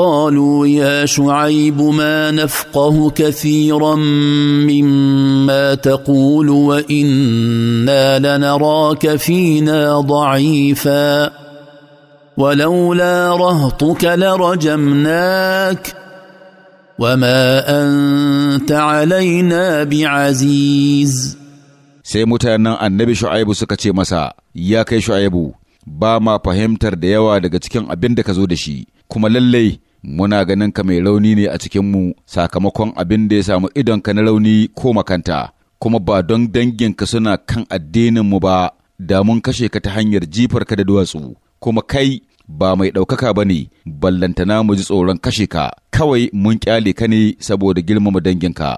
قالوا يا شعيب ما نفقه كثيرا مما تقول وانا لنراك فينا ضعيفا ولولا رهطك لرجمناك وما انت علينا بعزيز sai mutanen annabi shu'aibu suka ce masa ya kai shu'aibu ba ma fahimtar da yawa daga cikin abin da ka zo da shi kuma lallai muna ganin ka mai rauni ne a cikinmu sakamakon abin da ya samu idonka na rauni ko makanta, kuma ba don danginka suna kan addininmu ba da mun kashe ka ta hanyar jifarka da duwatsu, kuma kai ba mai ɗaukaka ba ne, ballantana mu ji tsoron kashe ka, kawai mun kyale ka ne saboda girmama danginka.